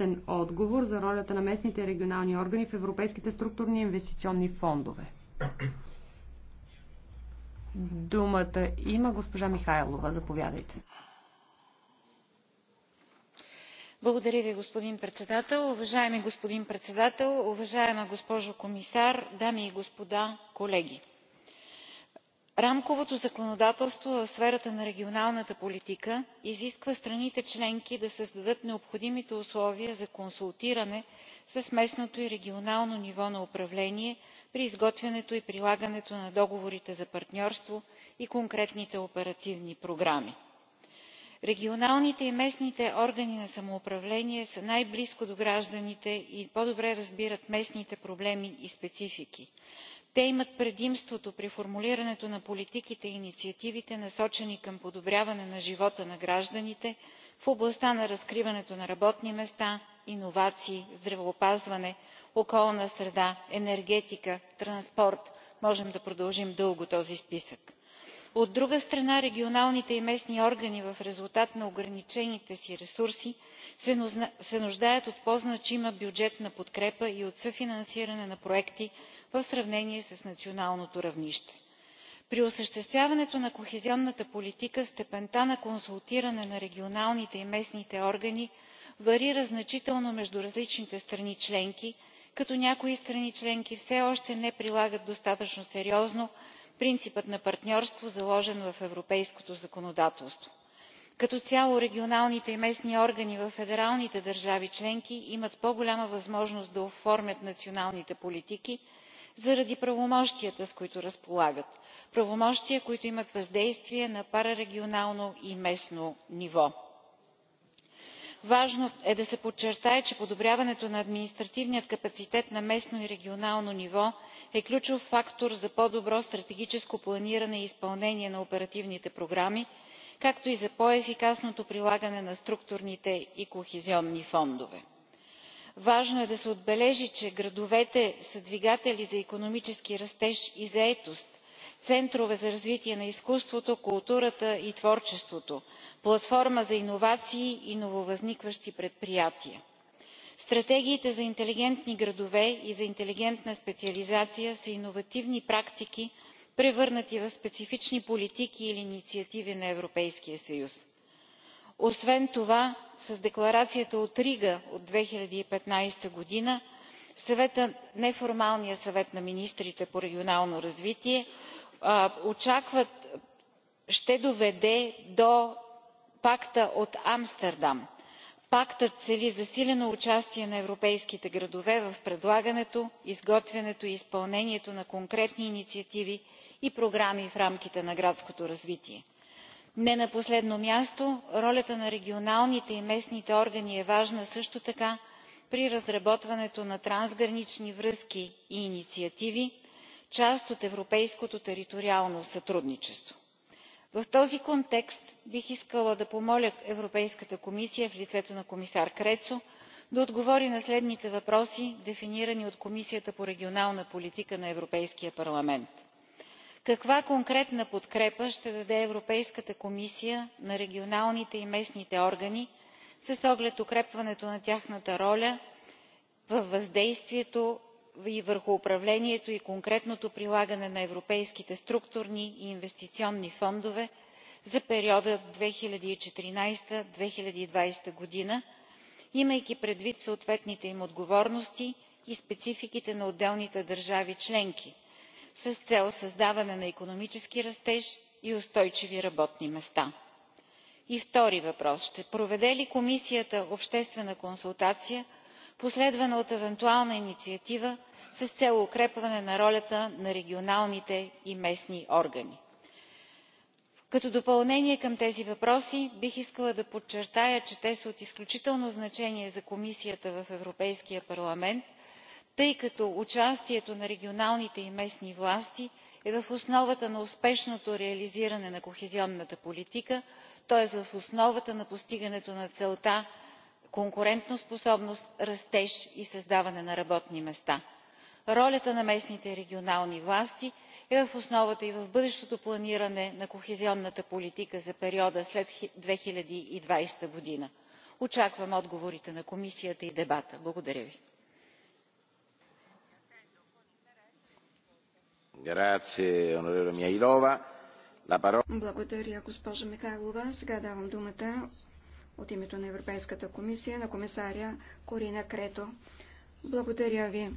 цялостен отговор за ролята на местните регионални органи в европейските структурни инвестиционни фондове. Думата има госпожа Михайлова. Заповядайте. Благодаря ви, господин председател. Уважаеми господин председател, уважаема госпожо комисар, дами и господа, колеги! рамковото законодателство в сферата на регионалната политика изисква страните членки да създадат необходимите условия за консултиране с местното и регионално ниво на управление при изготвянето и прилагането на договорите за партньорство и конкретните оперативни програми. регионалните и местните органи на самоуправление са най близко до гражданите и по добре разбират местните проблеми и специфики те имат предимството при формулирането на политиките и инициативите насочени към подобряване на живота на гражданите в областта на разкриването на работни места иновации здравеопазване околна среда енергетика транспорт можем да продължим дълго този списък. от друга страна регионалните и местни органи в резултат на ограничените си ресурси се нуждаят от по значима бюджетна подкрепа и от съфинансиране на проекти в сравнение с националното равнище. при осъществяването на кохезионната политика степента на консултиране на регионалните и местните органи варира значително между различните страни членки като някои страни членки все още не прилагат достатъчно сериозно принципа на партньорство заложен в европейското законодателство. като цяло регионалните и местни органи във федералните държави членки имат по голяма възможност да оформят националните политики заради правомощията с които разполагат правомощия които имат въздействие на парарегионално и местно ниво. важно е да се подчертае че подобряването на административния капацитет на местно и регионално ниво е ключов фактор за по добро стратегическо планиране и изпълнение на оперативните програми както и за по ефикасното прилагане на структурните и кохезионни фондове важно е да се отбележи че градовете са двигатели за икономически растеж и заетост центрове за развитие на изкуството културата и творчеството платформа за иновации и нововъзникващи предприятия. стратегиите за интелигентни градове и за интелигентна специализация са иновативни практики превърнати в специфични политики или инициативи на европейския съюз. освен това с декларацията от рига от две хиляди и петнадесета година неформалният съвет на министрите по регионално развитие очакват ще доведе до пакта от амстердам. пактът цели засилено участие на европейските градове в предлагането изготвянето и изпълнението на конкретни инициативи и програми в рамките на градското развитие не на последно място ролята на регионалните и местните органи е важна също така при разработването на трансгранични връзки и инициативи част от европейското териториално сътрудничество. в този контекст бих искала да помоля европейската комисия в лицето на комисар крецу да отговори на следните въпроси дефинирани от комисията по регионална политика на европейския парламент каква конкретна подкрепа ще даде европейската комисия на регионалните и местните органи с оглед укрепването на тяхната роля във въздействието и върху управлението и конкретното прилагане на европейските структурни и инвестиционни фондове за периода две хиляди и четиринадесет две хиляди и двадесет г. имайки предвид съответните им отговорности и спецификите на отделните държави членки с цел създаване на икономически растеж и устойчиви работни места? и втори въпрос ще проведе ли комисията обществена консултация последвана от евентуална инициатива с цел укрепване на ролята на регионалните и местни органи? като допълнение към тези въпроси бих искала да подчертая че те са от изключително значение за комисията в европейския парламент тъй като участието на регионалните и местни власти е в основата на успешното реализиране на кохезионната политика тоест в основата на постигането на целта конкурентоспособност растеж и създаване на работни места. ролята на местните и регионални власти е в основата и в бъдещото планиране на кохезионната политика за периода след. две хиляди и двадесета г. очаквам отговорите на комисията и дебата. благодаря ви. Благодаря, госпожа Михайлова. Сега давам думата от името на Европейската комисия на комисаря Корина Крето. Благодаря ви,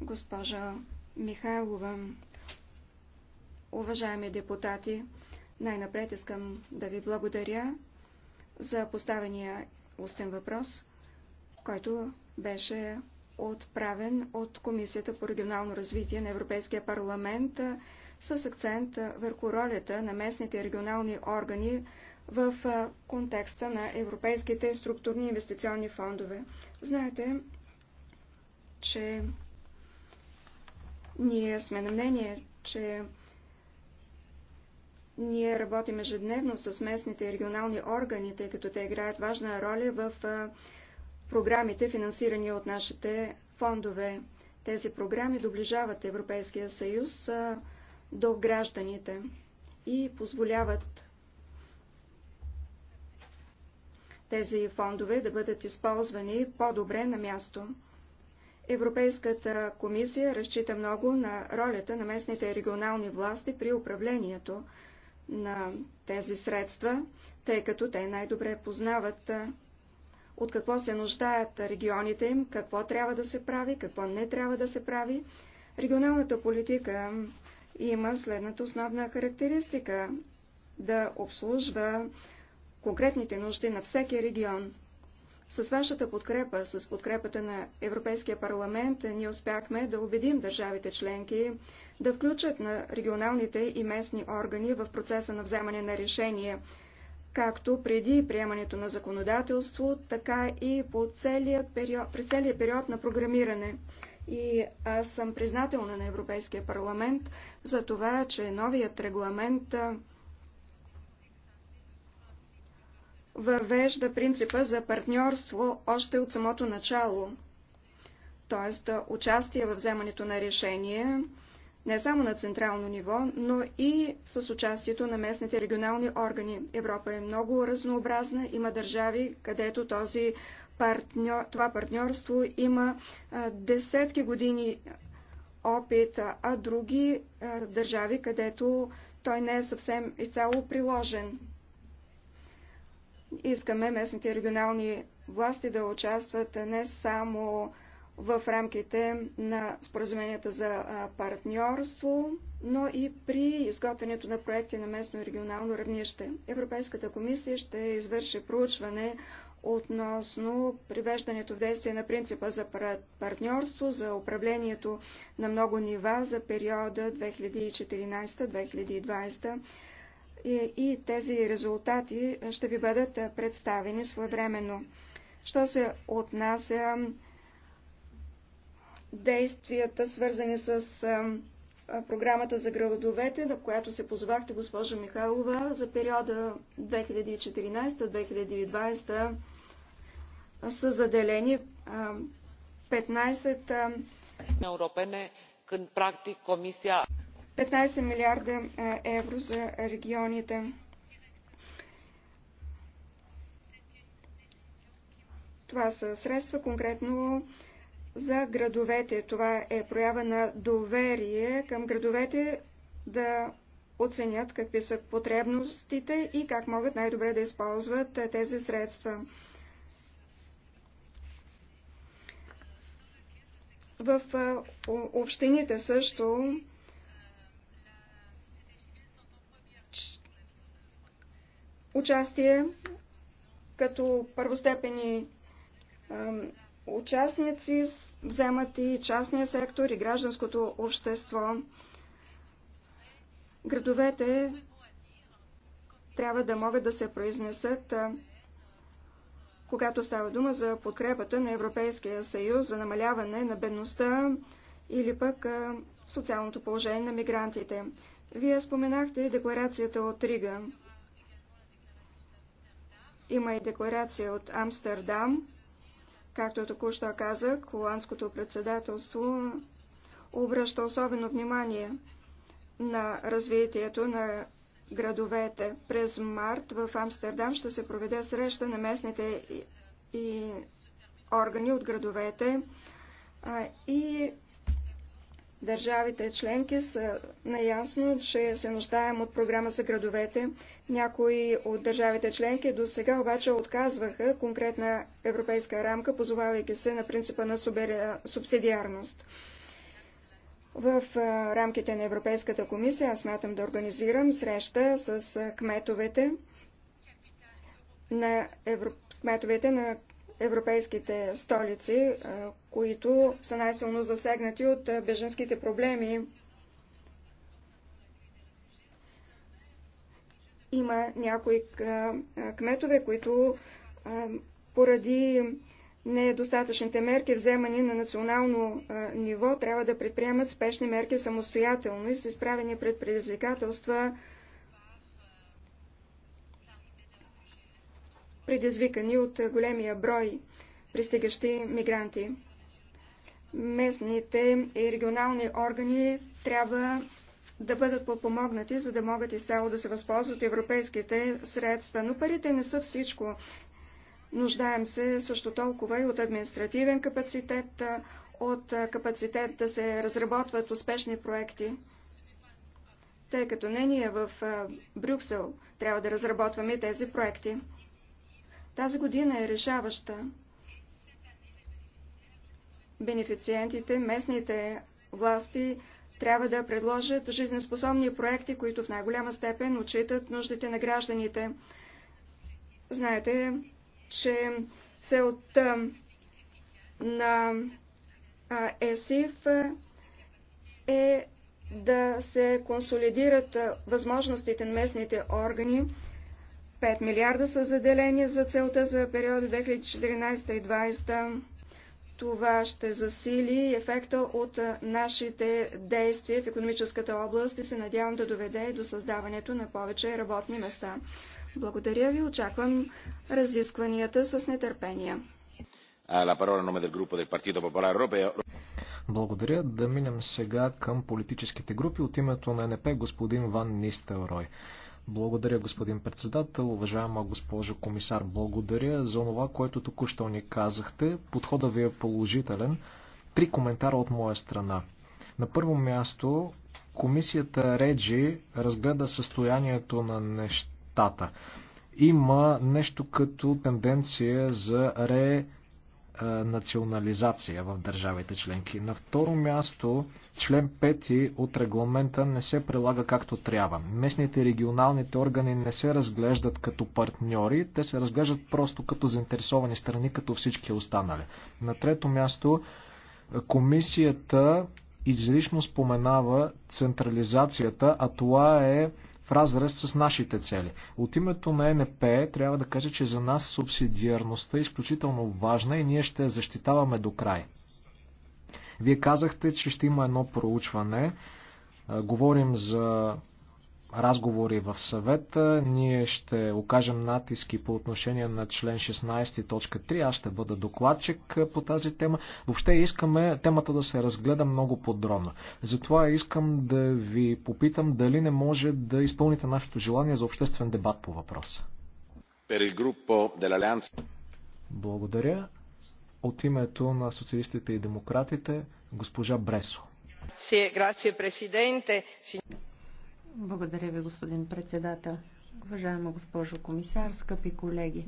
госпожа Михайлова. Уважаеми депутати, най-напред искам да ви благодаря за поставения устен въпрос, който беше отправен от Комисията по регионално развитие на Европейския парламент с акцент върху ролята на местните регионални органи в контекста на европейските структурни инвестиционни фондове. Знаете, че ние сме на мнение, че ние работим ежедневно с местните регионални органи, тъй като те играят важна роля в програмите, финансирани от нашите фондове. Тези програми доближават Европейския съюз до гражданите и позволяват тези фондове да бъдат използвани по-добре на място. Европейската комисия разчита много на ролята на местните регионални власти при управлението на тези средства, тъй като те най-добре познават от какво се нуждаят регионите им, какво трябва да се прави, какво не трябва да се прави. Регионалната политика има следната основна характеристика да обслужва конкретните нужди на всеки регион. С вашата подкрепа, с подкрепата на Европейския парламент, ние успяхме да убедим държавите членки да включат на регионалните и местни органи в процеса на вземане на решения както преди приемането на законодателство, така и по целият период, при целият период на програмиране. И аз съм признателна на Европейския парламент за това, че новият регламент въвежда принципа за партньорство още от самото начало, т.е. участие във вземането на решение, не само на централно ниво, но и с участието на местните регионални органи. Европа е много разнообразна, има държави, където този партньор, това партньорство има десетки години опит, а други държави, където той не е съвсем изцяло приложен. Искаме местните регионални власти да участват не само в рамките на споразуменията за партньорство, но и при изготвянето на проекти на местно и регионално равнище. Европейската комисия ще извърши проучване относно привеждането в действие на принципа за партньорство, за управлението на много нива за периода 2014-2020 и, и тези резултати ще ви бъдат представени своевременно. Що се отнася действията, свързани с програмата за градовете, на която се позвахте госпожа Михайлова, за периода 2014-2020 са заделени 15 europene, 15 милиарда евро за регионите. Това са средства конкретно за градовете. Това е проява на доверие към градовете да оценят какви са потребностите и как могат най-добре да използват е, тези средства. В е, общините също участие като първостепени участници вземат и частния сектор, и гражданското общество. Градовете трябва да могат да се произнесат, когато става дума за подкрепата на Европейския съюз за намаляване на бедността или пък социалното положение на мигрантите. Вие споменахте и декларацията от Рига. Има и декларация от Амстердам, Както току-що казах, холандското председателство обръща особено внимание на развитието на градовете. През март в Амстердам ще се проведе среща на местните и, органи от градовете и Държавите членки са наясно, че се нуждаем от програма за градовете. Някои от държавите членки до сега обаче отказваха конкретна европейска рамка, позовавайки се на принципа на субсидиарност. В рамките на Европейската комисия аз смятам да организирам среща с кметовете на, евро... кметовете на европейските столици, които са най-силно засегнати от беженските проблеми. Има някои кметове, които поради недостатъчните мерки, вземани на национално ниво, трябва да предприемат спешни мерки самостоятелно и са изправени пред предизвикателства предизвикани от големия брой пристигащи мигранти. Местните и регионални органи трябва да бъдат подпомогнати, за да могат изцяло да се възползват европейските средства. Но парите не са всичко. Нуждаем се също толкова и от административен капацитет, от капацитет да се разработват успешни проекти. Тъй като не ние в Брюксел трябва да разработваме тези проекти. Тази година е решаваща. Бенефициентите, местните власти трябва да предложат жизнеспособни проекти, които в най-голяма степен отчитат нуждите на гражданите. Знаете, че целта на ЕСИФ е да се консолидират възможностите на местните органи 5 милиарда са заделени за целта за периода 2014 и 2020. Това ще засили ефекта от нашите действия в економическата област и се надявам да доведе до създаването на повече работни места. Благодаря ви, очаквам разискванията с нетърпение. Благодаря. Да минем сега към политическите групи. От името на НП господин Ван Нистелрой. Благодаря, господин председател. Уважаема госпожо комисар, благодаря за това, което току-що ни казахте. Подходът ви е положителен. Три коментара от моя страна. На първо място, комисията Реджи разгледа състоянието на нещата. Има нещо като тенденция за ре е, национализация в държавите членки. На второ място, член 5 от регламента не се прилага както трябва. Местните и регионалните органи не се разглеждат като партньори, те се разглеждат просто като заинтересовани страни, като всички останали. На трето място, комисията излишно споменава централизацията, а това е в разрез с нашите цели. От името на НП трябва да кажа, че за нас субсидиарността е изключително важна и ние ще я защитаваме до край. Вие казахте, че ще има едно проучване. Говорим за разговори в съвета. Ние ще окажем натиски по отношение на член 16.3. Аз ще бъда докладчик по тази тема. Въобще искаме темата да се разгледа много подробно. Затова искам да ви попитам дали не може да изпълните нашето желание за обществен дебат по въпроса. Благодаря. От името на социалистите и демократите, госпожа Бресо. grazie Presidente. Благодаря ви, господин председател. Уважаема госпожо комисар, скъпи колеги.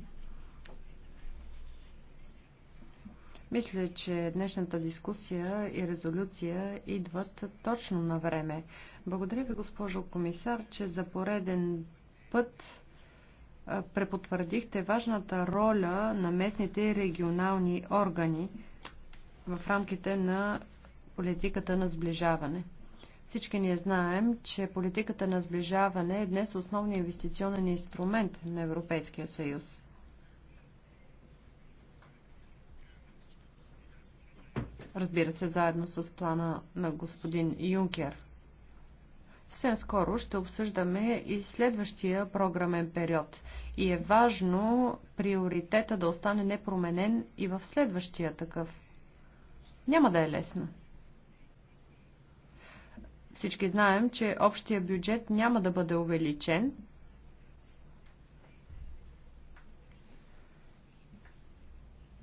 Мисля, че днешната дискусия и резолюция идват точно на време. Благодаря ви, госпожо комисар, че за пореден път препотвърдихте важната роля на местните и регионални органи в рамките на политиката на сближаване. Всички ние знаем, че политиката на сближаване е днес основният инвестиционен инструмент на Европейския съюз. Разбира се, заедно с плана на господин Юнкер. Съвсем скоро ще обсъждаме и следващия програмен период. И е важно приоритета да остане непроменен и в следващия такъв. Няма да е лесно. Всички знаем, че общия бюджет няма да бъде увеличен.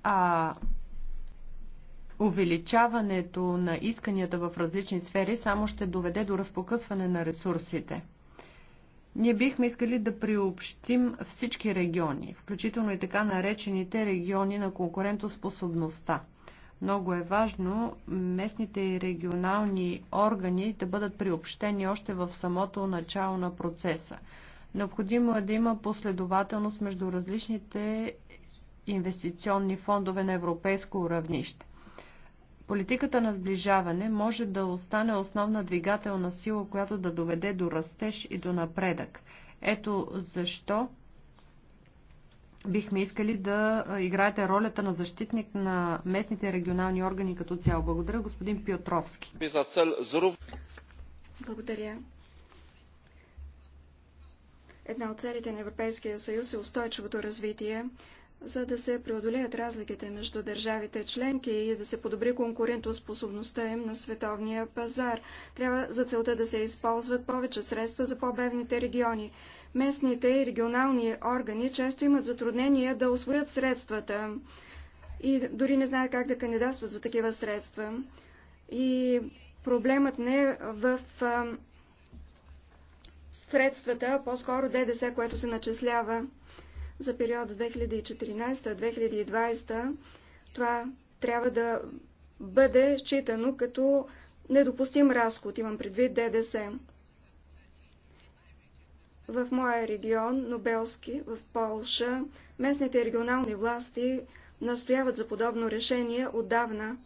А увеличаването на исканията в различни сфери само ще доведе до разпокъсване на ресурсите. Ние бихме искали да приобщим всички региони, включително и така наречените региони на конкурентоспособността – много е важно местните и регионални органи да бъдат приобщени още в самото начало на процеса. Необходимо е да има последователност между различните инвестиционни фондове на европейско равнище. Политиката на сближаване може да остане основна двигателна сила, която да доведе до растеж и до напредък. Ето защо бихме искали да играете ролята на защитник на местните регионални органи като цяло. Благодаря, господин Пиотровски. Благодаря. Една от целите на Европейския съюз е устойчивото развитие, за да се преодолеят разликите между държавите членки и да се подобри конкурентоспособността им на световния пазар. Трябва за целта да се използват повече средства за по-бедните региони местните и регионални органи често имат затруднения да освоят средствата и дори не знаят как да кандидатстват за такива средства. И проблемът не е в а, средствата, по-скоро ДДС, което се начислява за периода 2014-2020. Това трябва да бъде считано като недопустим разход, имам предвид ДДС. В моя регион, Нобелски, в Полша, местните регионални власти настояват за подобно решение отдавна.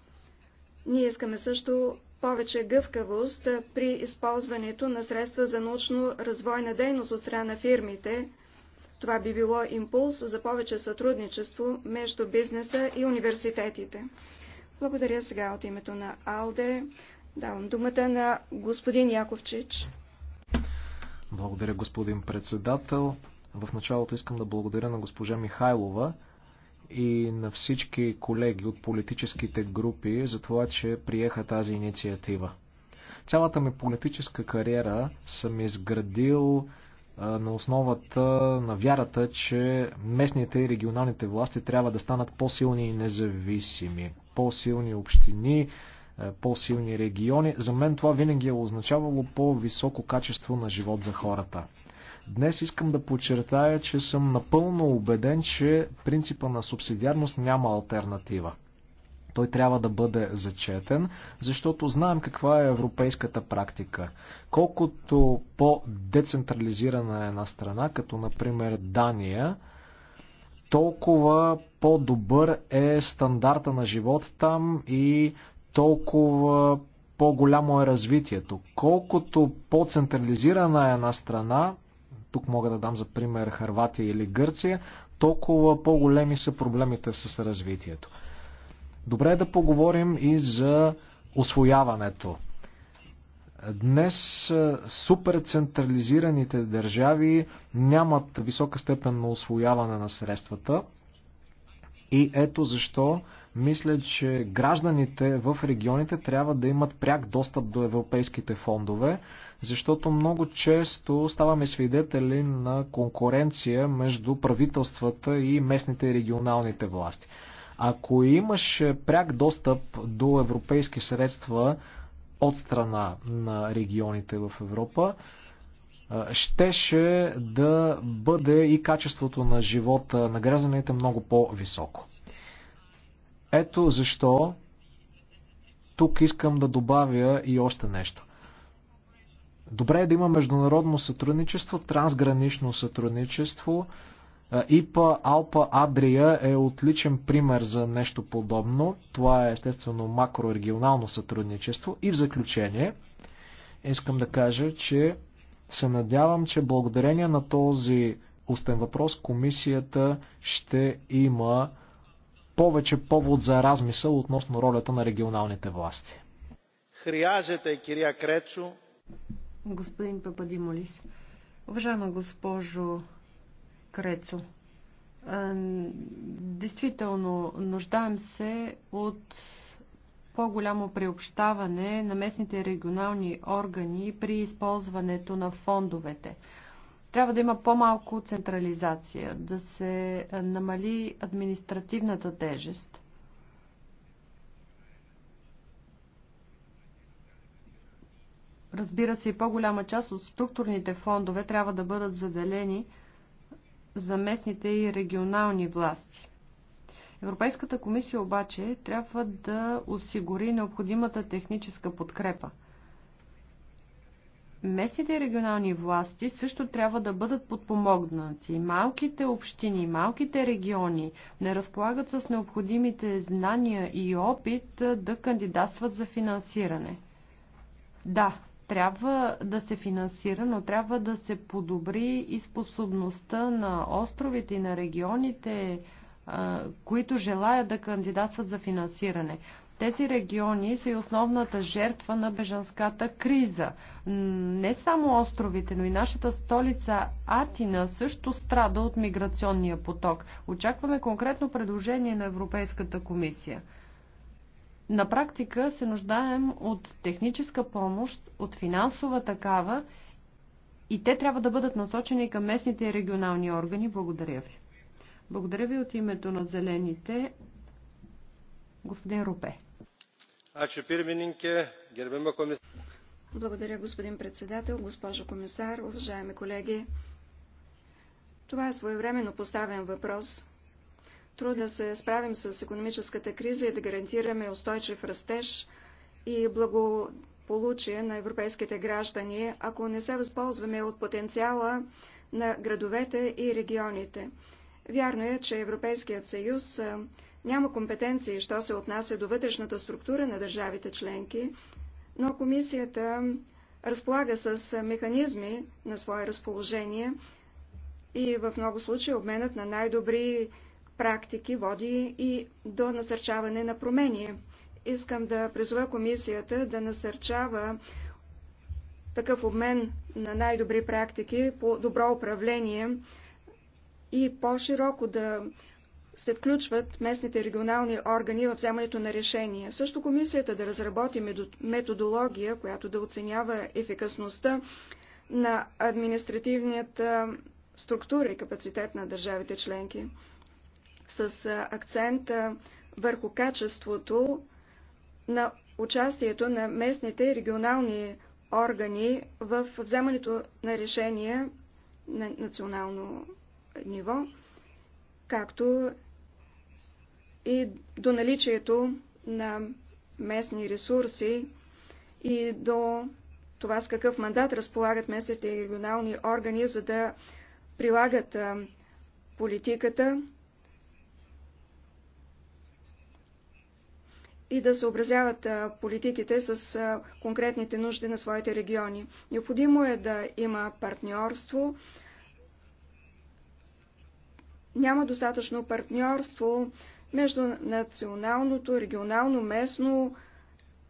Ние искаме също повече гъвкавост при използването на средства за научно-развойна дейност от страна на фирмите. Това би било импулс за повече сътрудничество между бизнеса и университетите. Благодаря сега от името на АЛДЕ. Давам думата на господин Яковчич. Благодаря, господин председател. В началото искам да благодаря на госпожа Михайлова и на всички колеги от политическите групи за това, че приеха тази инициатива. Цялата ми политическа кариера съм изградил на основата на вярата, че местните и регионалните власти трябва да станат по-силни и независими, по-силни общини, е, по-силни региони. За мен това винаги е означавало по-високо качество на живот за хората. Днес искам да подчертая, че съм напълно убеден, че принципа на субсидиарност няма альтернатива. Той трябва да бъде зачетен, защото знаем каква е европейската практика. Колкото по-децентрализирана е една страна, като например Дания, толкова по-добър е стандарта на живот там и толкова по-голямо е развитието. Колкото по-централизирана е една страна, тук мога да дам за пример Харватия или Гърция, толкова по-големи са проблемите с развитието. Добре е да поговорим и за освояването. Днес суперцентрализираните държави нямат висока степен на освояване на средствата. И ето защо мисля, че гражданите в регионите трябва да имат пряк достъп до европейските фондове, защото много често ставаме свидетели на конкуренция между правителствата и местните и регионалните власти. Ако имаш пряк достъп до европейски средства от страна на регионите в Европа, щеше да бъде и качеството на живота на гражданите много по-високо. Ето защо тук искам да добавя и още нещо. Добре е да има международно сътрудничество, трансгранично сътрудничество. ИПА, Алпа, Адрия е отличен пример за нещо подобно. Това е естествено макрорегионално сътрудничество. И в заключение искам да кажа, че се надявам, че благодарение на този устен въпрос комисията ще има повече повод за размисъл относно ролята на регионалните власти. Хриязете, кирия Крецо. Господин Пападимолис, уважаема госпожо Крецо, действително нуждаем се от по-голямо приобщаване на местните регионални органи при използването на фондовете. Трябва да има по-малко централизация, да се намали административната тежест. Разбира се, и по-голяма част от структурните фондове трябва да бъдат заделени за местните и регионални власти. Европейската комисия обаче трябва да осигури необходимата техническа подкрепа. Местните и регионални власти също трябва да бъдат подпомогнати. Малките общини, малките региони не разполагат с необходимите знания и опит да кандидатстват за финансиране. Да, трябва да се финансира, но трябва да се подобри и способността на островите и на регионите които желаят да кандидатстват за финансиране. Тези региони са и основната жертва на бежанската криза. Не само островите, но и нашата столица Атина също страда от миграционния поток. Очакваме конкретно предложение на Европейската комисия. На практика се нуждаем от техническа помощ, от финансова такава и те трябва да бъдат насочени към местните и регионални органи. Благодаря ви. Благодаря ви от името на зелените. Господин Рупе. Благодаря, господин председател, госпожо комисар, уважаеми колеги. Това е своевременно поставен въпрос. Трудно да се справим с економическата криза и да гарантираме устойчив растеж и благополучие на европейските граждани, ако не се възползваме от потенциала на градовете и регионите. Вярно е, че Европейският съюз няма компетенции, що се отнася до вътрешната структура на държавите членки, но комисията разполага с механизми на свое разположение и в много случаи обменът на най-добри практики води и до насърчаване на промени. Искам да призова комисията да насърчава такъв обмен на най-добри практики по добро управление и по-широко да се включват местните регионални органи в вземането на решения. Също комисията да разработи методология, която да оценява ефикасността на административната структура и капацитет на държавите членки, с акцент върху качеството на участието на местните и регионални органи в вземането на решения на национално ниво, както и до наличието на местни ресурси и до това с какъв мандат разполагат местните и регионални органи, за да прилагат политиката и да съобразяват политиките с конкретните нужди на своите региони. Необходимо е да има партньорство, няма достатъчно партньорство между националното, регионално, местно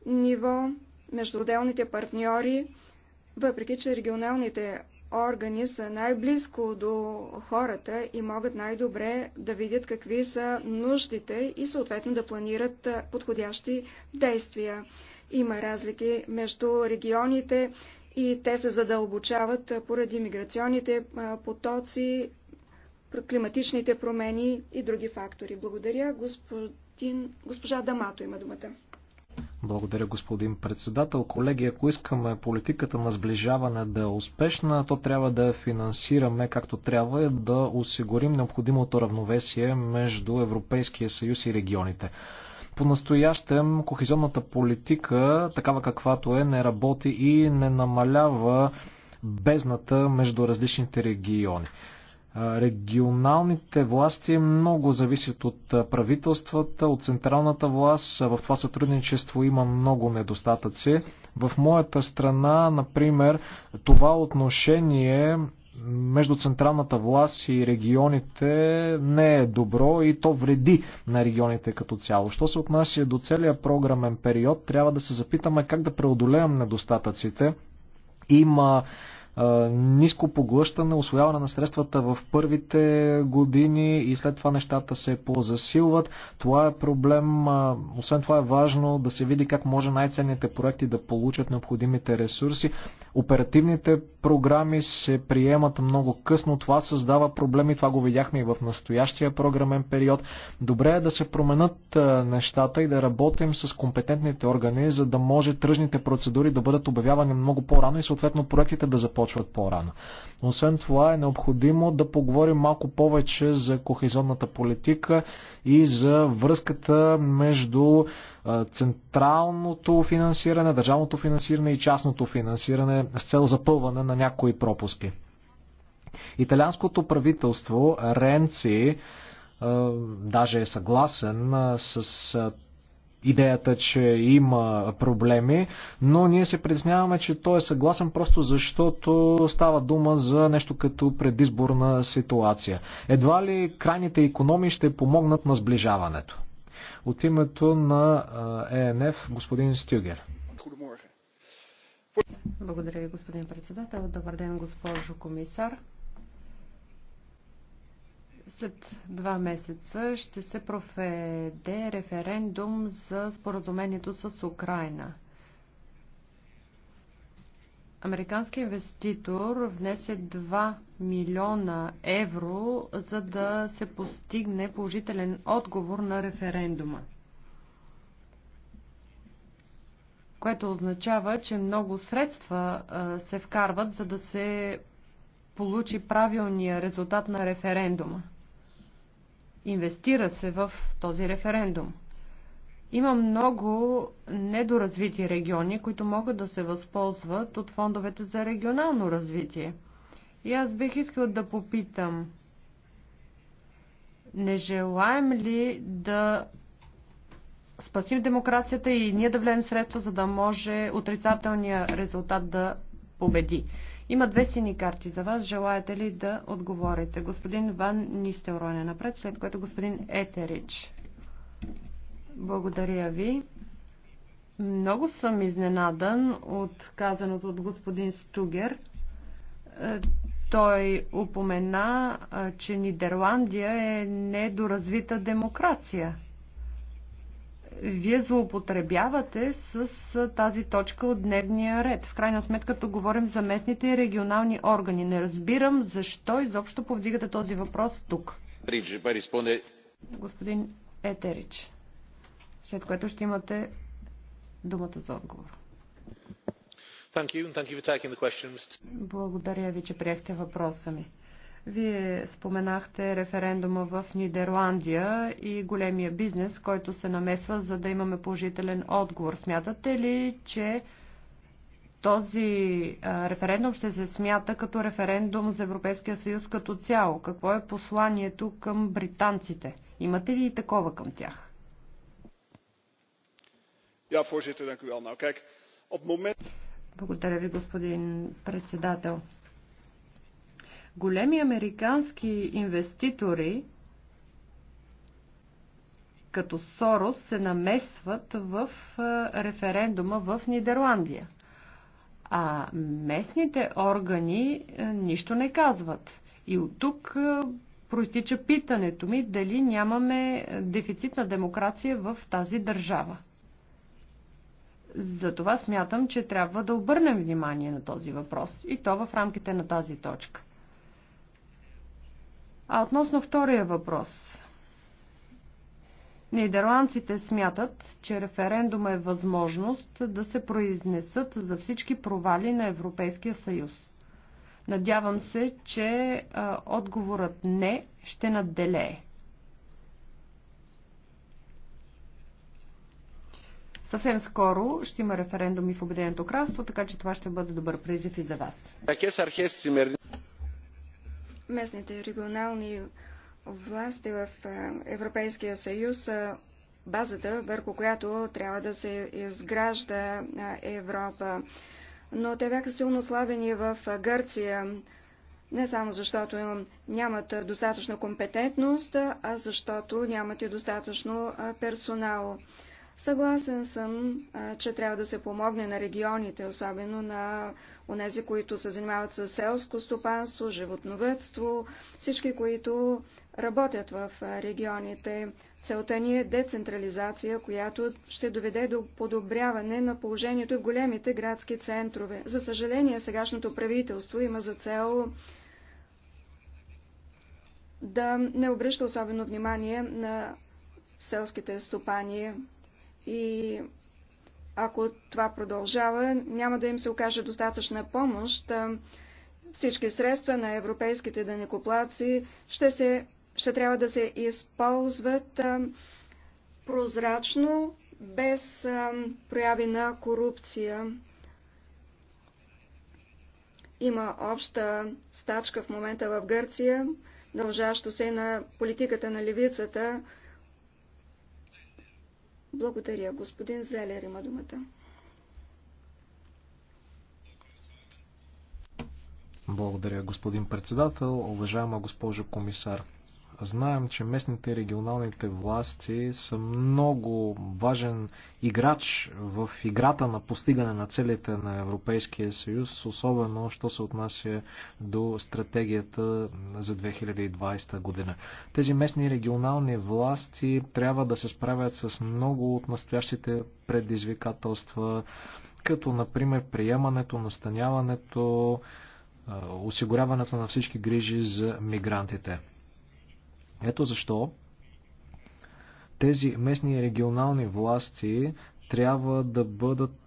ниво, между отделните партньори, въпреки че регионалните органи са най-близко до хората и могат най-добре да видят какви са нуждите и съответно да планират подходящи действия. Има разлики между регионите и те се задълбочават поради миграционните потоци, климатичните промени и други фактори. Благодаря. Господин, госпожа Дамато има думата. Благодаря, господин председател. Колеги, ако искаме политиката на сближаване да е успешна, то трябва да я финансираме както трябва и да осигурим необходимото равновесие между Европейския съюз и регионите. По-настоящем кохезионната политика, такава каквато е, не работи и не намалява бездната между различните региони. Регионалните власти много зависят от правителствата, от централната власт. В това сътрудничество има много недостатъци. В моята страна, например, това отношение между централната власт и регионите не е добро и то вреди на регионите като цяло. Що се отнася до целия програмен период, трябва да се запитаме как да преодолеем недостатъците. Има ниско поглъщане, освояване на средствата в първите години и след това нещата се позасилват. Това е проблем. Освен това е важно да се види как може най-ценните проекти да получат необходимите ресурси. Оперативните програми се приемат много късно. Това създава проблеми. Това го видяхме и в настоящия програмен период. Добре е да се променят нещата и да работим с компетентните органи, за да може тръжните процедури да бъдат обявявани много по-рано и съответно проектите да започнат започват по-рано. Освен това е необходимо да поговорим малко повече за кохезионната политика и за връзката между централното финансиране, държавното финансиране и частното финансиране с цел запълване на някои пропуски. Италианското правителство Ренци даже е съгласен с идеята, че има проблеми, но ние се признаваме, че той е съгласен просто защото става дума за нещо като предизборна ситуация. Едва ли крайните економии ще помогнат на сближаването? От името на ЕНФ господин Стюгер. Благодаря ви, господин председател. Добър ден, госпожо комисар. След два месеца ще се проведе референдум за споразумението с Украина. Американски инвеститор внесе 2 милиона евро, за да се постигне положителен отговор на референдума. Което означава, че много средства се вкарват, за да се получи правилния резултат на референдума. Инвестира се в този референдум. Има много недоразвити региони, които могат да се възползват от фондовете за регионално развитие. И аз бих искал да попитам, не желаем ли да спасим демокрацията и ние да влеем средства, за да може отрицателния резултат да победи? Има две сини карти за вас. Желаете ли да отговорите? Господин Ван Нистероне напред, след което господин Етерич. Благодаря ви. Много съм изненадан от казаното от господин Стугер. Е, той упомена, е, че Нидерландия е недоразвита демокрация вие злоупотребявате с тази точка от дневния ред. В крайна сметка, като говорим за местните и регионални органи, не разбирам защо изобщо повдигате този въпрос тук. Господин Етерич, след което ще имате думата за отговор. Благодаря ви, че приехте въпроса ми. Вие споменахте референдума в Нидерландия и големия бизнес, който се намесва, за да имаме положителен отговор. Смятате ли, че този референдум ще се смята като референдум за Европейския съюз като цяло? Какво е посланието към британците? Имате ли и такова към тях? Благодаря ви, господин председател големи американски инвеститори като Сорос се намесват в е, референдума в Нидерландия. А местните органи е, нищо не казват. И от тук е, проистича питането ми дали нямаме дефицит на демокрация в тази държава. Затова смятам, че трябва да обърнем внимание на този въпрос и то в рамките на тази точка. А относно втория въпрос. Нидерландците смятат, че референдум е възможност да се произнесат за всички провали на Европейския съюз. Надявам се, че а, отговорът не ще надделее. Съвсем скоро ще има референдуми в Обединеното кралство, така че това ще бъде добър призив и за вас местните регионални власти в е, Европейския съюз са базата, върху която трябва да се изгражда е, Европа. Но те бяха силно слабени в е, Гърция, не само защото нямат достатъчно компетентност, а защото нямат и достатъчно персонал. Съгласен съм, че трябва да се помогне на регионите, особено на онези, които се занимават с селско стопанство, животновътство, всички, които работят в регионите. Целта ни е децентрализация, която ще доведе до подобряване на положението в големите градски центрове. За съжаление, сегашното правителство има за цел да не обръща особено внимание на селските стопани. И ако това продължава, няма да им се окаже достатъчна помощ. Всички средства на европейските данекоплаци ще, се, ще трябва да се използват прозрачно, без прояви на корупция. Има обща стачка в момента в Гърция, дължащо се на политиката на левицата, благодаря. Господин Зелер има думата. Благодаря, господин председател. Уважаема госпожа комисар, Знаем, че местните и регионалните власти са много важен играч в играта на постигане на целите на Европейския съюз, особено що се отнася до стратегията за 2020 година. Тези местни и регионални власти трябва да се справят с много от настоящите предизвикателства, като например приемането, настаняването, осигуряването на всички грижи за мигрантите. Ето защо тези местни и регионални власти трябва да бъдат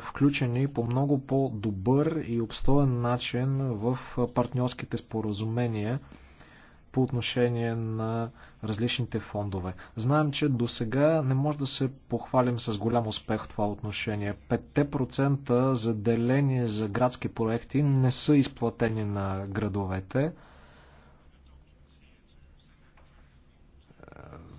включени по много по-добър и обстоен начин в партньорските споразумения по отношение на различните фондове. Знаем, че до сега не може да се похвалим с голям успех в това отношение. 5% заделени за градски проекти не са изплатени на градовете.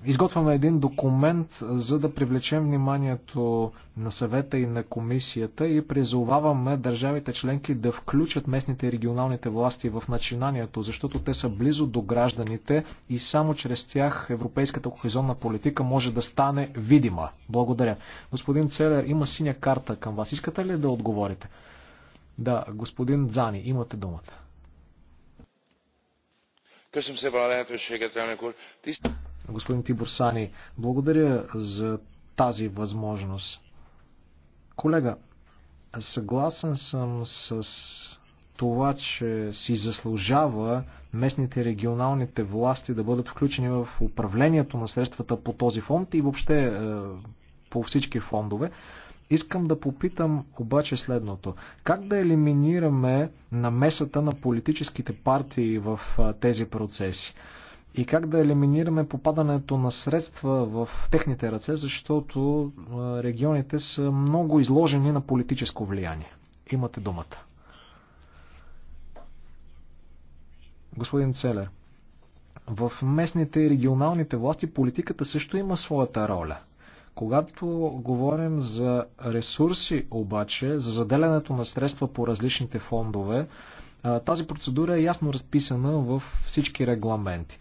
изготвяме един документ, за да привлечем вниманието на съвета и на комисията и призоваваме държавите членки да включат местните и регионалните власти в начинанието, защото те са близо до гражданите и само чрез тях европейската кохезионна политика може да стане видима. Благодаря. Господин Целер, има синя карта към вас. Искате ли да отговорите? Да, господин Дзани, имате думата. Köszönöm szépen a lehetőséget, elnök úr. Tisztelt господин Тибор Сани. Благодаря за тази възможност. Колега, съгласен съм с това, че си заслужава местните регионалните власти да бъдат включени в управлението на средствата по този фонд и въобще е, по всички фондове. Искам да попитам обаче следното. Как да елиминираме намесата на политическите партии в е, тези процеси? и как да елиминираме попадането на средства в техните ръце, защото регионите са много изложени на политическо влияние. Имате думата. Господин Целер, в местните и регионалните власти политиката също има своята роля. Когато говорим за ресурси, обаче, за заделянето на средства по различните фондове, тази процедура е ясно разписана в всички регламенти.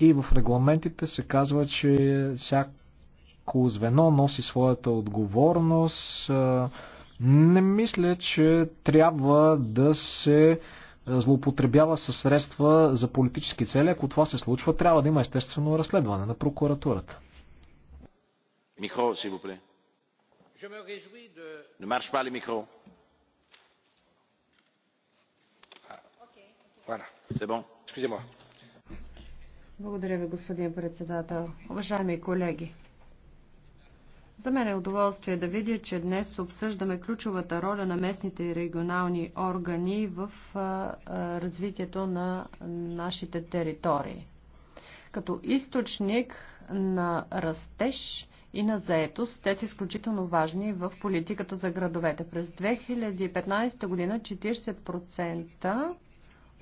И в регламентите се казва, че всяко звено носи своята отговорност. Не мисля, че трябва да се злоупотребява със средства за политически цели. Ако това се случва, трябва да има естествено разследване на прокуратурата. Микро, си Не марш пали микро. Voilà. C'est благодаря ви, господин председател. Уважаеми колеги, за мен е удоволствие да видя, че днес обсъждаме ключовата роля на местните и регионални органи в развитието на нашите територии. Като източник на растеж и на заетост, те са изключително важни в политиката за градовете. През 2015 година 40%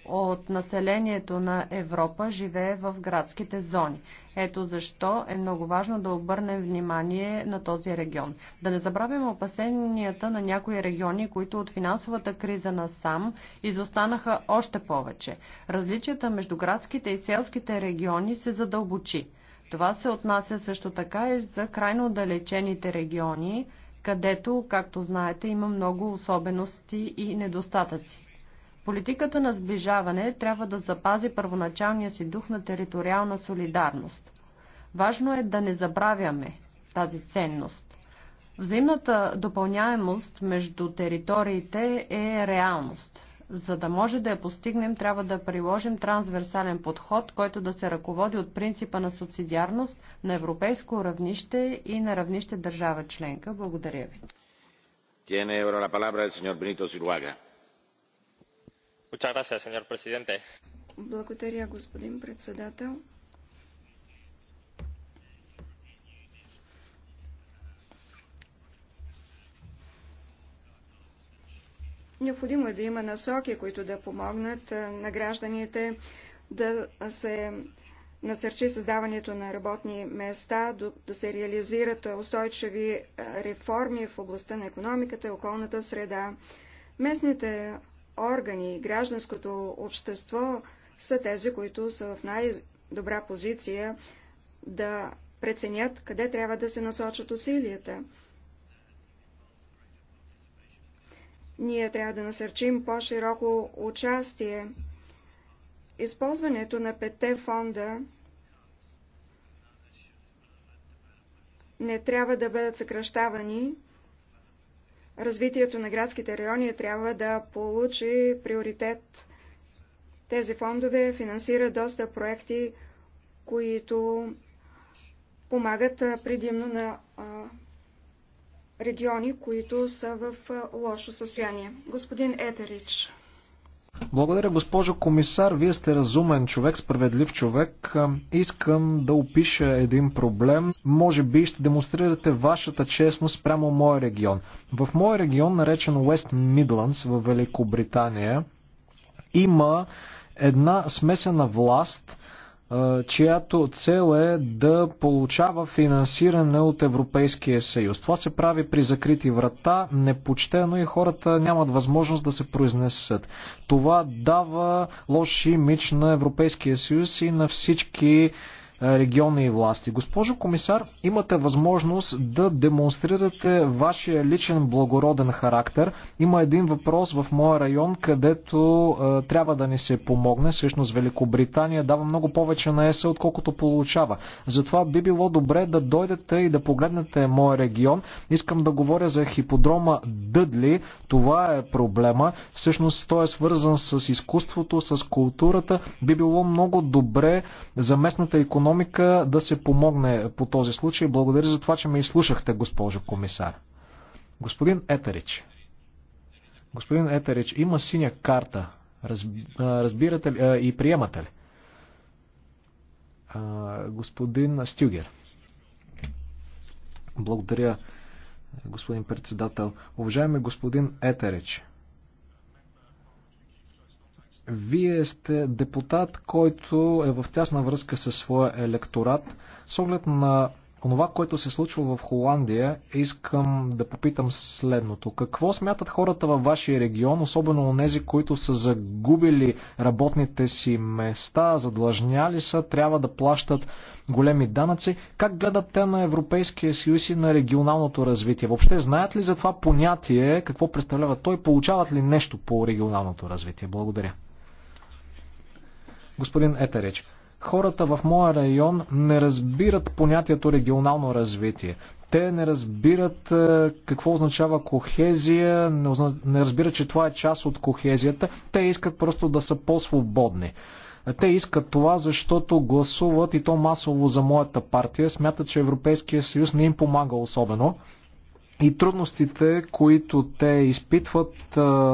от населението на Европа живее в градските зони. Ето защо е много важно да обърнем внимание на този регион. Да не забравим опасенията на някои региони, които от финансовата криза на сам изостанаха още повече. Различията между градските и селските региони се задълбочи. Това се отнася също така и за крайно отдалечените региони, където, както знаете, има много особености и недостатъци. Политиката на сближаване трябва да запази първоначалния си дух на териториална солидарност. Важно е да не забравяме тази ценност. Взаимната допълняемост между териториите е реалност. За да може да я постигнем, трябва да приложим трансверсален подход, който да се ръководи от принципа на субсидиарност на европейско равнище и на равнище държава членка. Благодаря ви. Tiene ahora la palabra el señor Benito благодаря, господин председател. Необходимо е да има насоки, които да помогнат на гражданите да се насърчи създаването на работни места, да се реализират устойчиви реформи в областта на економиката и околната среда. Местните органи и гражданското общество са тези, които са в най-добра позиция да преценят къде трябва да се насочат усилията. Ние трябва да насърчим по-широко участие. Използването на петте фонда не трябва да бъдат съкръщавани, развитието на градските райони трябва да получи приоритет. Тези фондове финансират доста проекти, които помагат предимно на региони, които са в лошо състояние. Господин Етерич. Благодаря, госпожо комисар. Вие сте разумен човек, справедлив човек. Искам да опиша един проблем. Може би ще демонстрирате вашата честност прямо моя регион. В моя регион, наречен Уест Мидландс в Великобритания, има една смесена власт, чиято цел е да получава финансиране от Европейския съюз. Това се прави при закрити врата, непочтено и хората нямат възможност да се произнесат. Това дава лош имидж на Европейския съюз и на всички е, и власти. Госпожо комисар, имате възможност да демонстрирате вашия личен благороден характер. Има един въпрос в моя район, където е, трябва да ни се помогне. Всъщност Великобритания дава много повече на ЕСА, отколкото получава. Затова би било добре да дойдете и да погледнете моя регион. Искам да говоря за хиподрома Дъдли. Това е проблема. Всъщност той е свързан с изкуството, с културата. Би било много добре за местната економика економика да се помогне по този случай. Благодаря за това, че ме изслушахте, госпожо комисар. Господин Етерич. Господин Етерич, има синя карта. Разбирате ли и приемате ли? Господин Стюгер. Благодаря, господин председател. Уважаеми господин Етерич, вие сте депутат, който е в тясна връзка със своя електорат. С оглед на това, което се случва в Холандия, искам да попитам следното. Какво смятат хората във вашия регион, особено онези, които са загубили работните си места, задлъжняли са, трябва да плащат големи данъци? Как гледат те на Европейския съюз и на регионалното развитие? Въобще знаят ли за това понятие, какво представлява той, получават ли нещо по регионалното развитие? Благодаря. Господин Етерич, хората в моя район не разбират понятието регионално развитие. Те не разбират е, какво означава кохезия, не разбират, че това е част от кохезията. Те искат просто да са по-свободни. Те искат това, защото гласуват и то масово за моята партия. Смятат, че Европейския съюз не им помага особено и трудностите, които те изпитват,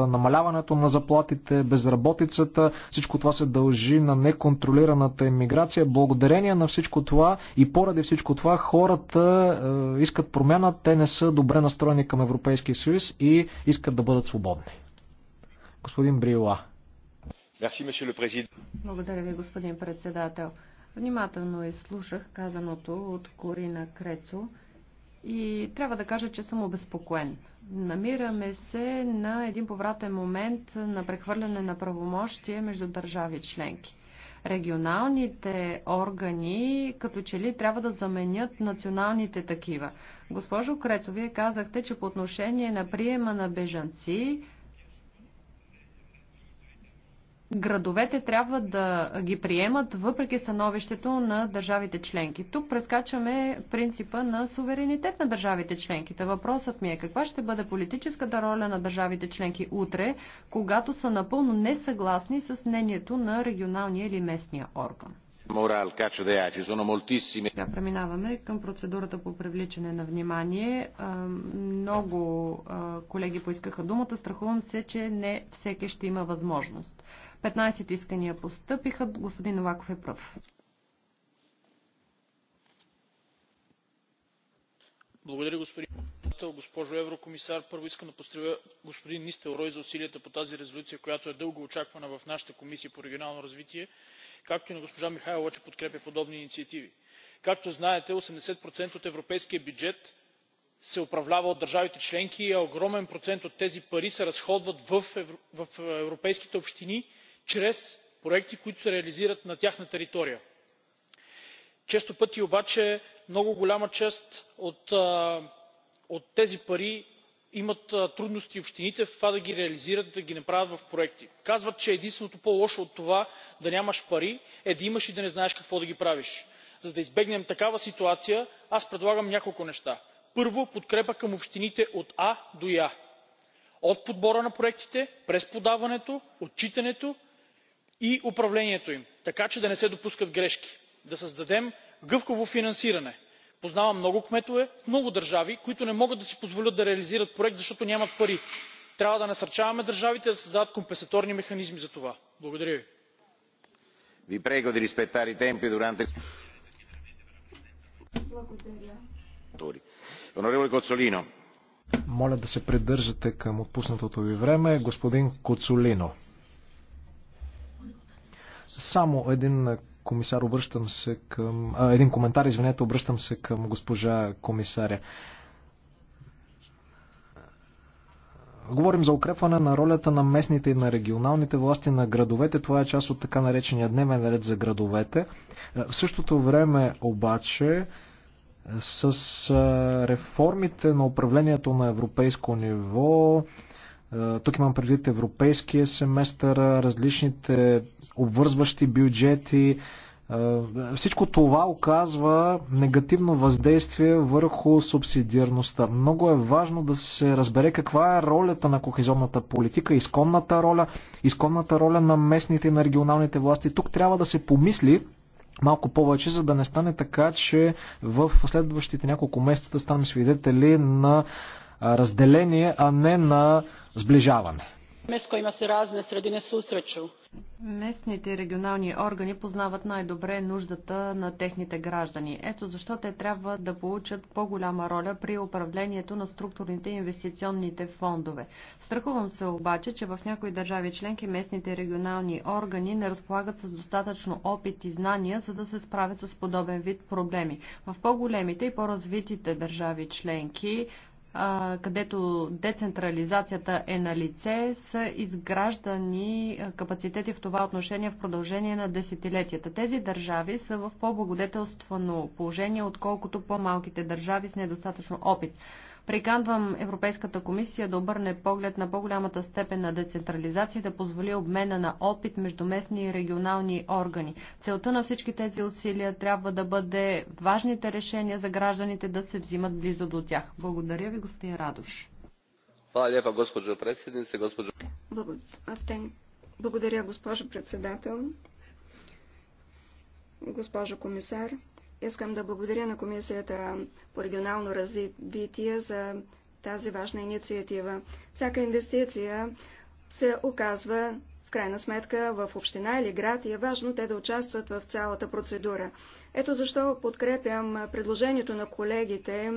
намаляването на заплатите, безработицата, всичко това се дължи на неконтролираната иммиграция. Благодарение на всичко това и поради всичко това хората искат промяна, те не са добре настроени към Европейския съюз и искат да бъдат свободни. Господин Брила. Благодаря ви, господин председател. Внимателно изслушах казаното от Корина Крецо. И трябва да кажа, че съм обезпокоен. Намираме се на един повратен момент на прехвърляне на правомощие между държави членки. Регионалните органи като че ли трябва да заменят националните такива. Госпожо Крецо, вие казахте, че по отношение на приема на бежанци градовете трябва да ги приемат въпреки становището на държавите членки. Тук прескачаме принципа на суверенитет на държавите членките. Въпросът ми е каква ще бъде политическата роля на държавите членки утре, когато са напълно несъгласни с мнението на регионалния или местния орган. Да, преминаваме към процедурата по привличане на внимание. Много колеги поискаха думата. Страхувам се, че не всеки ще има възможност. 15 искания постъпиха. Господин Новаков е пръв. Благодаря, господин председател. Госпожо еврокомисар, първо искам да поздравя господин Нистел Рой за усилията по тази резолюция, която е дълго очаквана в нашата комисия по регионално развитие, както и на госпожа Михайлова, че подкрепя подобни инициативи. Както знаете, 80% от европейския бюджет се управлява от държавите членки и огромен процент от тези пари се разходват в европейските общини чрез проекти които се реализират на тяхна територия. често пъти обаче много голяма част от тези пари имат трудности общините в това да ги реализират да ги направят в проекти. казват че единственото по лошо от това да нямаш пари е да имаш и да не знаеш какво да ги правиш. за да избегнем такава ситуация аз предлагам няколко неща. първо подкрепа към общините от а до я от подбора на проектите през подаването отчитането и управлението им така че да не се допускат грешки. да създадем гъвкаво финансиране. познавам много кметове в много държави които не могат да си позволят да реализират проект защото нямат пари. трябва да насърчаваме държавите да създават компенсаторни механизми за това. благодаря ви. моля да се придържате към отпуснатото ви време. господин коцолино само един комисар, обръщам се към... А, един коментар, извинете, обръщам се към госпожа комисаря. Говорим за укрепване на ролята на местните и на регионалните власти на градовете. Това е част от така наречения дневен ред за градовете. В същото време обаче с реформите на управлението на европейско ниво, е, тук имам предвид европейския семестър, различните обвързващи бюджети. Е, всичко това оказва негативно въздействие върху субсидиарността. Много е важно да се разбере каква е ролята на кохезионната политика, изконната роля, изконната роля на местните и на регионалните власти. Тук трябва да се помисли малко повече, за да не стане така, че в следващите няколко месеца станем свидетели на разделение, а не на сближаване. Местните регионални органи познават най-добре нуждата на техните граждани. Ето защо те трябва да получат по-голяма роля при управлението на структурните и инвестиционните фондове. Страхувам се обаче, че в някои държави членки местните регионални органи не разполагат с достатъчно опит и знания, за да се справят с подобен вид проблеми. В по-големите и по-развитите държави членки където децентрализацията е на лице, са изграждани капацитети в това отношение в продължение на десетилетията. Тези държави са в по-благодетелствено положение, отколкото по-малките държави с недостатъчно опит. Приканвам Европейската комисия да обърне поглед на по-голямата степен на децентрализация и да позволи обмена на опит между местни и регионални органи. Целта на всички тези усилия трябва да бъде важните решения за гражданите да се взимат близо до тях. Благодаря ви, господин Радош. госпожо председница. Госпожо... Благодаря, госпожо председател. Госпожо комисар, Искам да благодаря на Комисията по регионално развитие за тази важна инициатива. Всяка инвестиция се оказва в крайна сметка в община или град и е важно те да участват в цялата процедура. Ето защо подкрепям предложението на колегите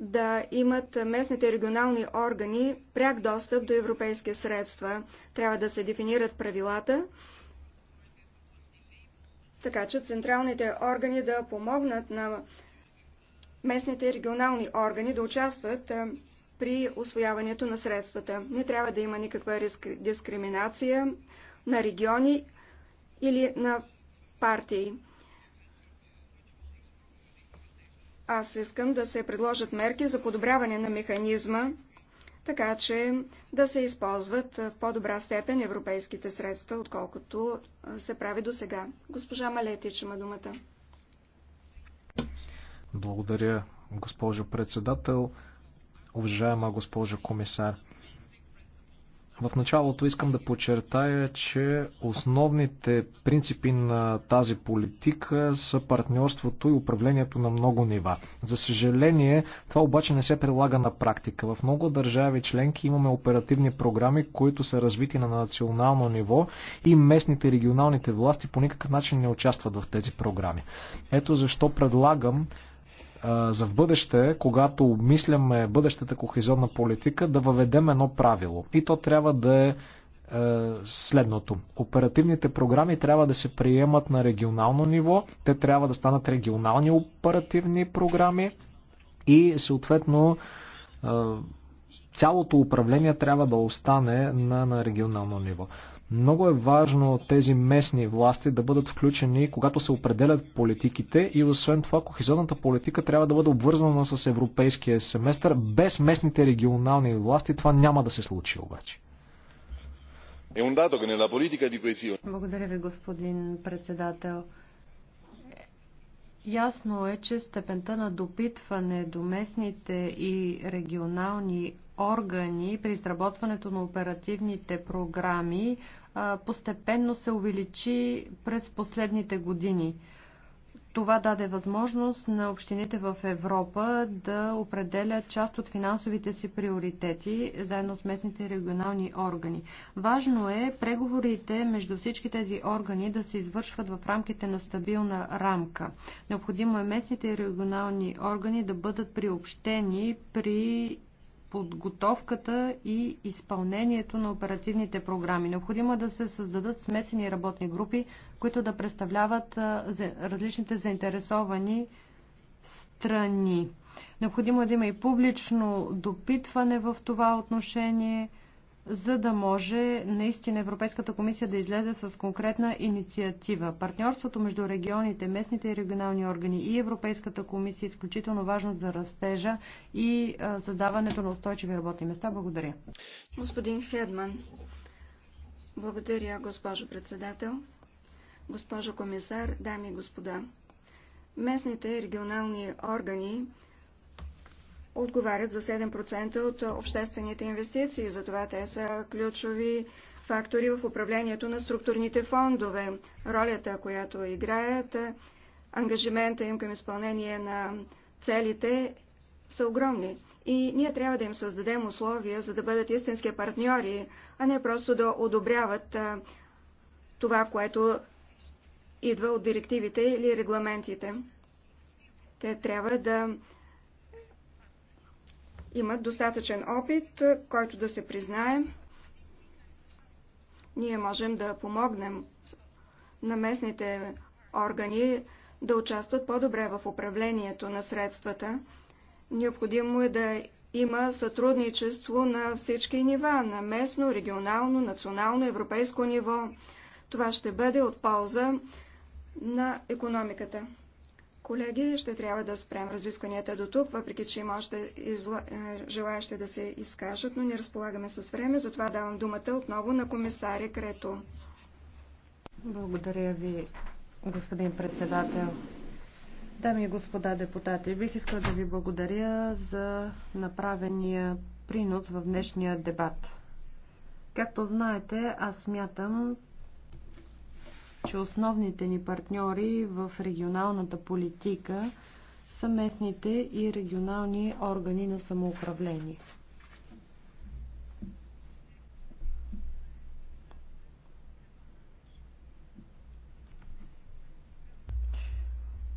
да имат местните регионални органи пряк достъп до европейски средства. Трябва да се дефинират правилата, така че централните органи да помогнат на местните и регионални органи да участват при освояването на средствата. Не трябва да има никаква дискриминация на региони или на партии. Аз искам да се предложат мерки за подобряване на механизма така че да се използват в по-добра степен европейските средства, отколкото се прави до сега. Госпожа Малетич има думата. Благодаря, госпожо председател. Уважаема госпожо комисар, в началото искам да подчертая, че основните принципи на тази политика са партньорството и управлението на много нива. За съжаление, това обаче не се прилага на практика. В много държави членки имаме оперативни програми, които са развити на национално ниво и местните и регионалните власти по никакъв начин не участват в тези програми. Ето защо предлагам за в бъдеще, когато обмисляме бъдещата кохезионна политика, да въведем едно правило. И то трябва да е, е следното. Оперативните програми трябва да се приемат на регионално ниво, те трябва да станат регионални оперативни програми и съответно е, цялото управление трябва да остане на, на регионално ниво. Много е важно тези местни власти да бъдат включени, когато се определят политиките и освен това кохезионната политика трябва да бъде обвързана с европейския семестър. Без местните регионални власти това няма да се случи обаче. Е Благодаря ви, господин председател. Ясно е, че степента на допитване до местните и регионални органи при изработването на оперативните програми постепенно се увеличи през последните години. Това даде възможност на общините в Европа да определят част от финансовите си приоритети заедно с местните регионални органи. Важно е преговорите между всички тези органи да се извършват в рамките на стабилна рамка. Необходимо е местните и регионални органи да бъдат приобщени при подготовката и изпълнението на оперативните програми. Необходимо е да се създадат смесени работни групи, които да представляват различните заинтересовани страни. Необходимо е да има и публично допитване в това отношение – за да може наистина Европейската комисия да излезе с конкретна инициатива. Партньорството между регионите, местните и регионални органи и Европейската комисия е изключително важно за растежа и създаването на устойчиви работни места. Благодаря. Господин Хедман, благодаря, госпожо председател, госпожо комисар, дами и господа. Местните регионални органи отговарят за 7% от обществените инвестиции. Затова те са ключови фактори в управлението на структурните фондове. Ролята, която играят, ангажимента им към изпълнение на целите са огромни. И ние трябва да им създадем условия, за да бъдат истински партньори, а не просто да одобряват това, което идва от директивите или регламентите. Те трябва да имат достатъчен опит, е, който да се признае. Ние можем да помогнем на местните органи да участват по-добре в управлението на средствата. Необходимо е да има сътрудничество на всички нива, на местно, регионално, национално, европейско ниво. Това ще бъде от полза на економиката. Колеги, ще трябва да спрем разискванията до тук, въпреки че има още изла... Е, желаящи да се изкажат, но не разполагаме с време, затова давам думата отново на комисаря Крето. Благодаря ви, господин председател. Дами и господа депутати, бих искал да ви благодаря за направения принос в днешния дебат. Както знаете, аз смятам, че основните ни партньори в регионалната политика са местните и регионални органи на самоуправление.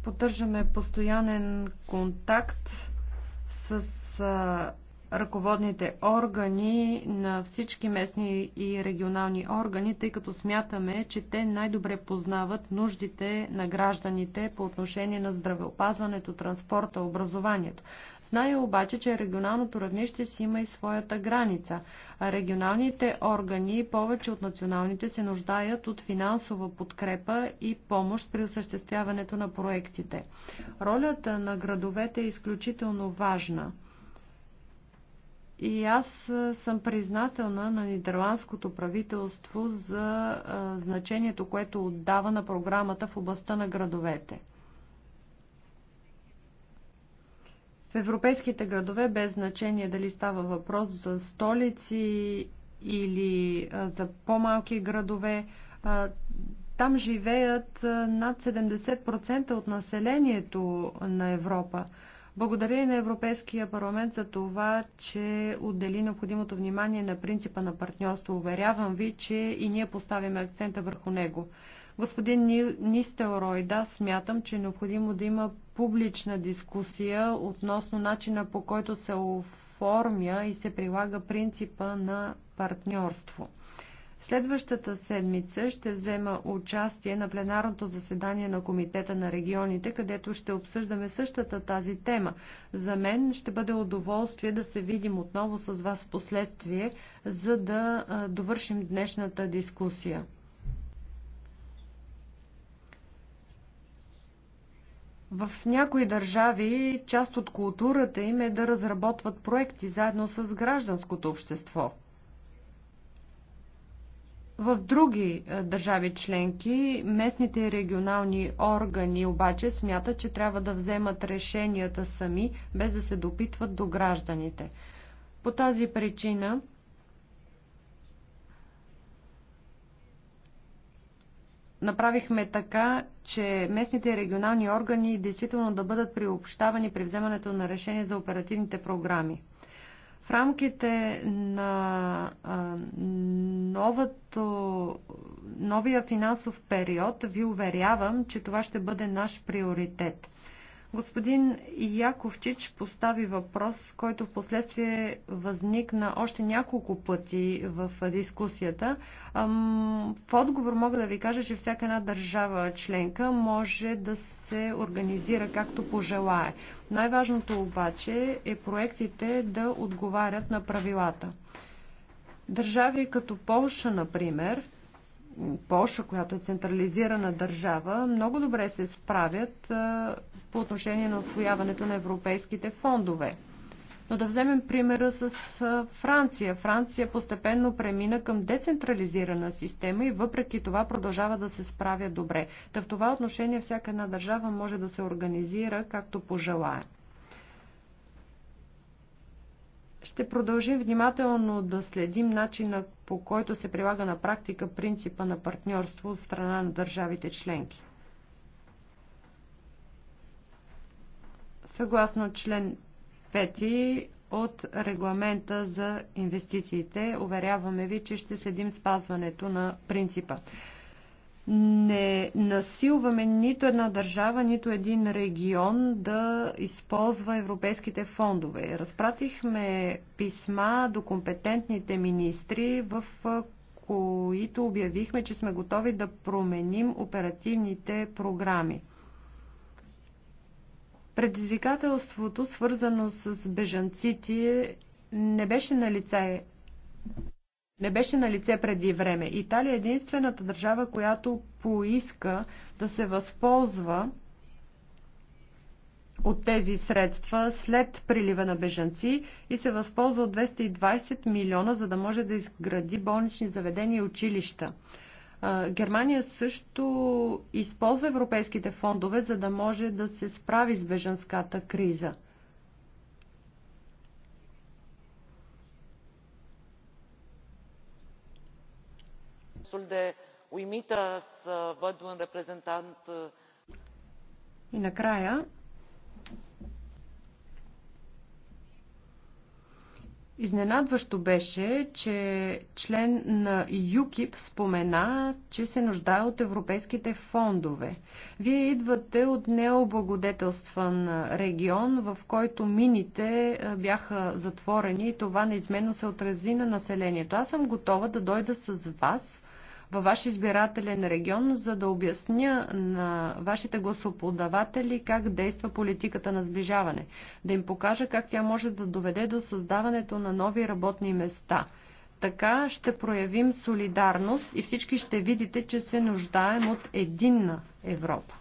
Поддържаме постоянен контакт с ръководните органи на всички местни и регионални органи, тъй като смятаме, че те най-добре познават нуждите на гражданите по отношение на здравеопазването, транспорта, образованието. Знае обаче, че регионалното равнище си има и своята граница. А регионалните органи повече от националните се нуждаят от финансова подкрепа и помощ при осъществяването на проектите. Ролята на градовете е изключително важна. И аз съм признателна на нидерландското правителство за значението, което отдава на програмата в областта на градовете. В европейските градове, без значение дали става въпрос за столици или за по-малки градове, там живеят над 70% от населението на Европа. Благодаря и на Европейския парламент за това, че отдели необходимото внимание на принципа на партньорство. Уверявам ви, че и ние поставяме акцента върху него. Господин Нистелрой, да, смятам, че е необходимо да има публична дискусия относно начина по който се оформя и се прилага принципа на партньорство. Следващата седмица ще взема участие на пленарното заседание на Комитета на регионите, където ще обсъждаме същата тази тема. За мен ще бъде удоволствие да се видим отново с вас в последствие, за да довършим днешната дискусия. В някои държави част от културата им е да разработват проекти заедно с гражданското общество – в други е, държави членки местните и регионални органи обаче смятат, че трябва да вземат решенията сами, без да се допитват до гражданите. По тази причина направихме така, че местните и регионални органи действително да бъдат приобщавани при вземането на решение за оперативните програми. В рамките на новото, новия финансов период ви уверявам, че това ще бъде наш приоритет – Господин Яковчич постави въпрос, който в последствие възникна още няколко пъти в дискусията. В отговор мога да ви кажа, че всяка една държава членка може да се организира както пожелае. Най-важното обаче е проектите да отговарят на правилата. Държави като Полша, например, Польша, която е централизирана държава, много добре се справят по отношение на освояването на европейските фондове. Но да вземем примера с Франция. Франция постепенно премина към децентрализирана система и въпреки това продължава да се справя добре. Та в това отношение всяка една държава може да се организира както пожелая. Ще продължим внимателно да следим начина по който се прилага на практика принципа на партньорство от страна на държавите членки. Съгласно член 5 от регламента за инвестициите, уверяваме ви, че ще следим спазването на принципа не насилваме нито една държава, нито един регион да използва европейските фондове. Разпратихме писма до компетентните министри, в които обявихме, че сме готови да променим оперативните програми. Предизвикателството, свързано с бежанците, не беше на лице не беше на лице преди време. Италия е единствената държава, която поиска да се възползва от тези средства след прилива на бежанци и се възползва от 220 милиона, за да може да изгради болнични заведения и училища. Германия също използва европейските фондове, за да може да се справи с бежанската криза. destul de uimită să văd un reprezentant. Uh, и накрая Изненадващо беше, че член на ЮКИП спомена, че се нуждае от европейските фондове. Вие идвате от необлагодетелстван регион, в който мините бяха затворени и това неизменно се отрази на населението. Аз съм готова да дойда с вас във ваш избирателен регион, за да обясня на вашите гласоподаватели как действа политиката на сближаване, да им покажа как тя може да доведе до създаването на нови работни места. Така ще проявим солидарност и всички ще видите, че се нуждаем от единна Европа.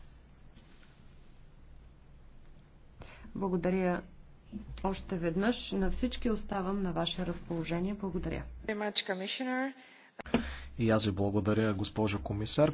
Благодаря още веднъж на всички оставам на ваше разположение. Благодаря. И аз ви благодаря, госпожо комисар.